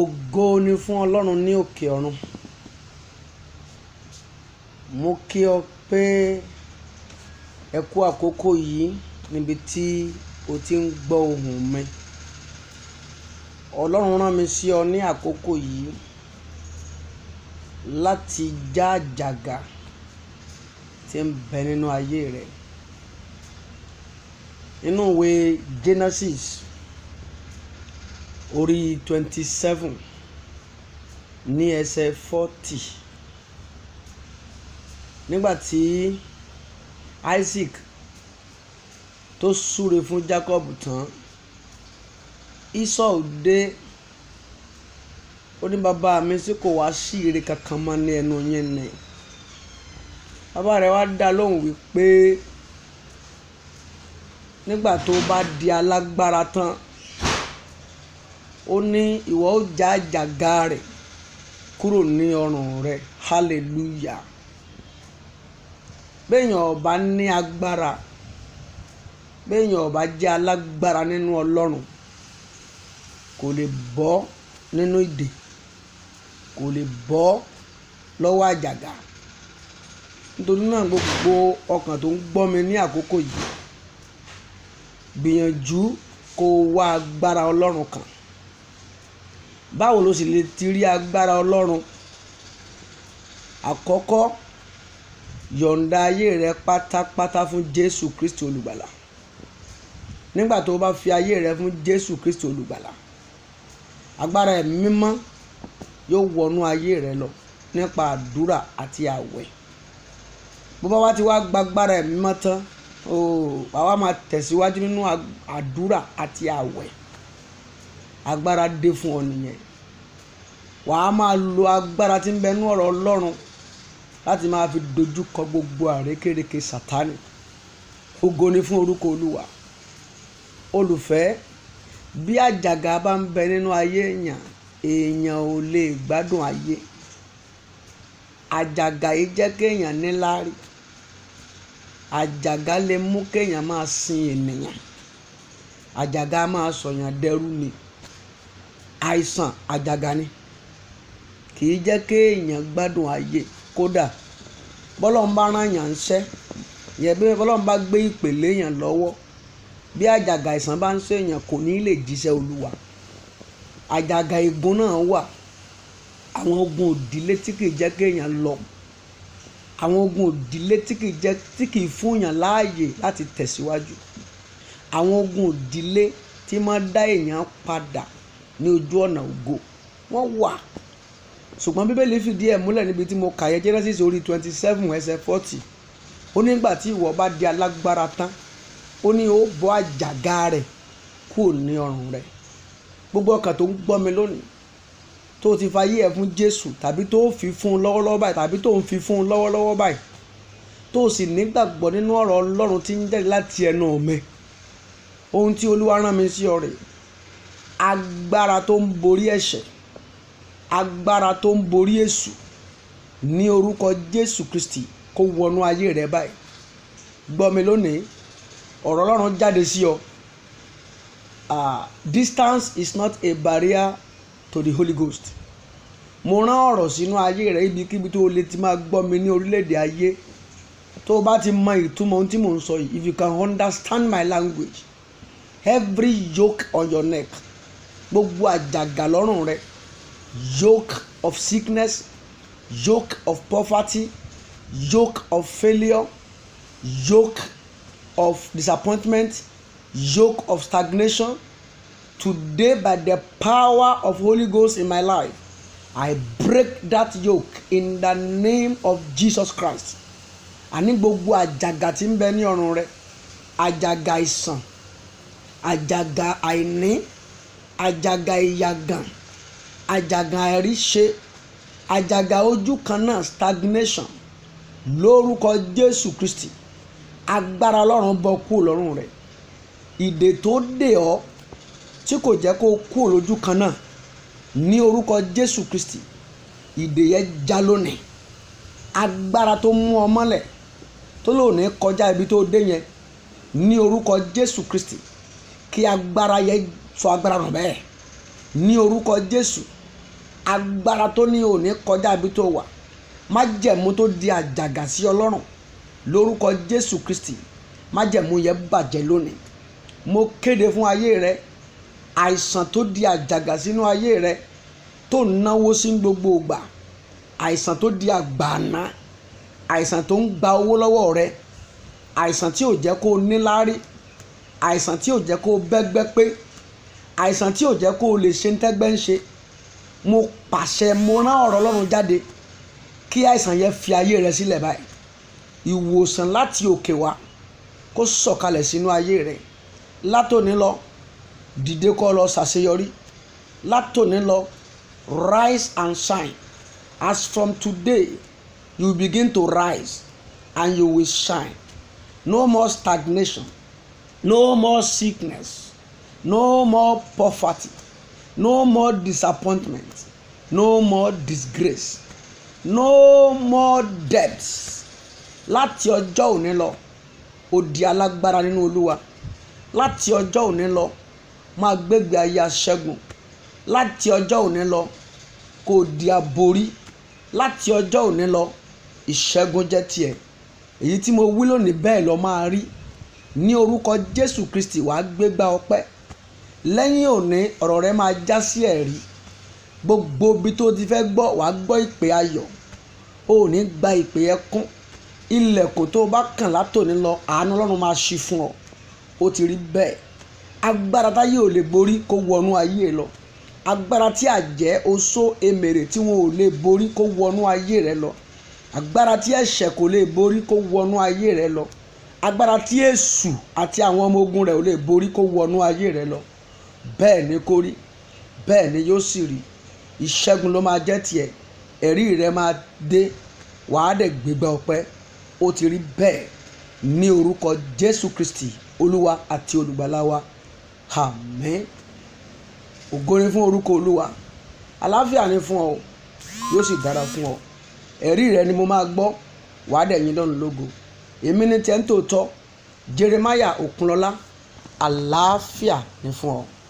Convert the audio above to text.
ògo ni fún ọlọ́run ní òkè ọ̀run mo kí ọ pé ẹ kú àkókò yìí níbi tí o ti ń gbọ́ ohùn mi ọlọ́run rán mi sí ọ ní àkókò yìí láti já àjàgà tí ń bẹ nínú ayé rẹ nínú ìwé Genesis orí twenty seven ní ẹsẹ̀ forty nígbà Isaac tó súre fún Jacob tán Esau dé ó ní bàbá mi sí kò wá sí ire kankan mọ́ ní ẹnu yín ni bàbá rẹ̀ wá dá lóhùn wípé nígbà tó bá di alágbára tán ó ní ìwọ ó já àjàgà rẹ̀ kúrò ní ọrùn rẹ̀ hallelujah béèyàn ọba ní agbára béèyàn ọba jẹ́ alágbára nínú ọlọ́run kò lè bọ́ nínú ìdè kò lè bọ́ lọ́wọ́ àjàgà nítorí náà gbogbo ọkàn tó ń gbọ́ mi ní àkókò yìí gbìyànjú kó wá agbára ọlọ́run kan báwo ló sì lè ti rí agbára ọlọ́run àkọ́kọ́ yọ̀ǹda ayé rẹ pátápátá fún jésù kristi olùgbàlà nígbà tó o bá fi ayé rẹ fún jésù kristi olùgbàlà agbára ẹ̀mí mímọ́ yóò wọnú ayé rẹ lọ nípa àdúrà àti àwẹ̀ bó bá wá ti wá gbàgbára ẹ̀mí mímọ́ tán ó àwa máa tẹ̀síwájú nínú àdúrà àti àwẹ̀ agbára dé fún ọ nìyẹn wàá máa lo agbára tí ń bẹ nú ọ̀rọ̀ ọlọ́run láti máa fi dojú kọ gbogbo àrékérekè sátánì ògo ni fún orúkọ olúwa olùfẹ́ bí àjàgà bá ń bẹ nínú ayé èèyàn èèyàn ò lè gbádùn ayé àjàgà yìí jẹ́ kéèyàn níláárí àjàgà lè mú kéèyàn máa sin ènìyàn àjàgà máa sọ̀yàn dẹrú ni àìsàn àjàgà ni kì í jẹ́ kéèyàn gbádùn ayé kódà bọ́lọ́n bá rán yàn ń ṣẹ́ yẹn bí bọ́lọ́n bá gbé ìpèlè yàn lọ́wọ́ bí àjàgà àìsàn bá ń ṣe èèyàn kò ní lè jíṣẹ́ olúwa àjàgà ègún náà wà àwọn ogun òdílé tí kì í jẹ́ kéèyàn lọ àwọn ogun òdílé tí kì í jẹ́ tí kì í fún yàn láàyè láti tẹ̀síwájú àwọn ogun òdílé tí máa dá èèyàn padà ní ojú ọ̀nà ògo wọ́n wà ṣùgbọ́n bíbélì fìdí ẹ̀ múlẹ̀ níbi tí mo kà yẹ Genesis orí twenty seven ẹsẹ̀ forty ó nígbà tí ìwọ bá di alágbára tán ó ní ó bọ́ àjàgà rẹ̀ kúrò ní ọrùn rẹ̀ gbogbo ọkàn tó ń gbọ́ mi lónìí tó ti fayé ẹ̀ fún Jésù tàbí tó fi fún un lọ́wọ́lọ́wọ́ báyìí tàbí tó ń fi fún un lọ́wọ́lọ́wọ́ báyìí tó sì nígbàgbọ́ nínú ọ̀rọ̀ Ọlọ́run tí ń jáde láti ẹnu mi ohun tí Olúwa rán mi sí ọ rèé agbára tó ń borí ẹ̀ṣẹ̀ agbára tó ń borí èṣù ní orúkọ Jésù Kristi kó wọnú ayé rẹ báyìí gbọ́ lónìí ọ̀rọ̀ Ọlọ́run jáde sí ọ distance is not a barrier to the Holy Ghost mo rán ọ̀rọ̀ sínú ayé rẹ ibikíbi tó o lè ti máa gbọ́ ní orílẹ̀-èdè ayé tó o bá ti mọ ìtumọ̀ ohun tí mò ń sọ yìí if you can understand my language every yoke on your neck gbogbo àjàgà lọ́rùn rẹ yoke of sickness yoke of poverty yoke of failure yoke of disappointment yoke of stagnation today by the power of Holy Ghost in my life I break that yoke in the name of Jesus Christ àní gbogbo àjàgà tí ń bẹ ní ọrùn rẹ àjàgà ìsàn àjàgà àìní àjàgà ìyàgàn àjàgà àìríṣe àjàgà ojú kan náà stagnation lórúkọ jésù kristi agbára ọlọ́run bọ́ kú lọ́rùn rẹ̀ ìdè tó dè ọ́ tí kò jẹ́ kó kú lójú kan náà ní orúkọ jésù kristi ìdè yẹn já lónìí agbára tó mú ọ mọ́lẹ̀ tó lò ní kọjá ibi tó dé yẹn ní orúkọ jésù kristi kí agbára yẹn fọ agbára ràn bẹ́ẹ̀ ní orúkọ jésù agbára tó ní òní kọjá ibi tó wà májẹ̀mú tó di àjàgà sí ọlọ́run lórúkọ jésù kristi májẹ̀mú yẹn bàjẹ́ lónìí mo kéde fún ayé rẹ àìsàn tó di àjàgà sínú ayé rẹ tó náwó sí gbogbo ìgbà àìsàn tó di àgbààná àìsàn tó ń gba owó lọ́wọ́ rẹ àìsàn tí ò jẹ́ kó o níláárí àìsàn tí ò jẹ́ kó o bẹ́gbẹ́ pé àìsàn tí ò jẹ́ kó o lè ṣe ń tẹ́gbẹ́ ń ṣe mo pàṣẹ mo rán ọ̀rọ̀ ọlọ́run jáde kí àìsàn yẹn fi ayé rẹ sílẹ̀ báyìí ìwòsàn láti òkè wá kó sọ̀kalẹ̀ sínú ayé rẹ látòní lọ dìde kó lọ ṣàṣeyọrí látòní lọ rise and shine as from today you begin to rise and you will shine no more stagnation no more sickness. No more poverty. No more disappointment. No more disgrace. No more debts. Láti ọjọ́ òní lọ, ó di alágbára nínú Olúwa. Láti ọjọ́ òní lọ, máa gbégbé ayé aṣẹ́gun. Láti ọjọ́ òní lọ, kò di aborí. Láti ọjọ́ òní lọ, ìṣẹ́gun jẹ́ tiẹ̀. Èyí tí mo wí lónìí bẹ́ẹ̀ lọ máa rí. Ní orúkọ Jésù Kristi wàá gbégbá ọpẹ́ lẹ́yìn òní ọ̀rọ̀ rẹ máa já sí ẹ̀rí gbogbo ibi tó ti fẹ́ gbọ́ wàá gbọ́ ìpè ayọ̀ o ò ní gba ìpè ẹkún ilẹ̀kùn tó o bá kàn látòní lọ àánú ọlọ́run máa ṣí fún ọ ó ti rí bẹ́ẹ̀ agbára táyé ò lè borí kó wọnú ayé lọ agbára tí àjẹ́ oṣó emèrè tí wọn ò lè borí kó wọnú ayé rẹ lọ agbára tí ẹ̀ṣẹ̀ kò lè borí kó wọnú ayé rẹ lọ agbára tí èṣù àti àwọn ọmọ ogun rẹ ò lè borí kó wọnú ayé rẹ lọ bẹ́ẹ̀ ni kó rí bẹ́ẹ̀ ni yóò sì rí ìṣẹ́gun ló máa jẹ́ tiẹ̀ ẹ̀rí rẹ máa dé wàá dẹ̀ gbégbá ọpẹ́ ó ti rí bẹ́ẹ̀ ní orúkọ Jésù Kristi olúwa àti olùgbàlà wa àmín fún orúkọ olúwa àlàáfíà ni fún ọ yóò sì dára fún ọ ẹ̀rí rẹ ni mo máa gbọ́ wàá dẹ̀ yìn lọ́run lógo èmi ni tẹ́ ń tòótọ́ Jeremiah Òkunlọ́lá àlàáfíà ni fún ọ.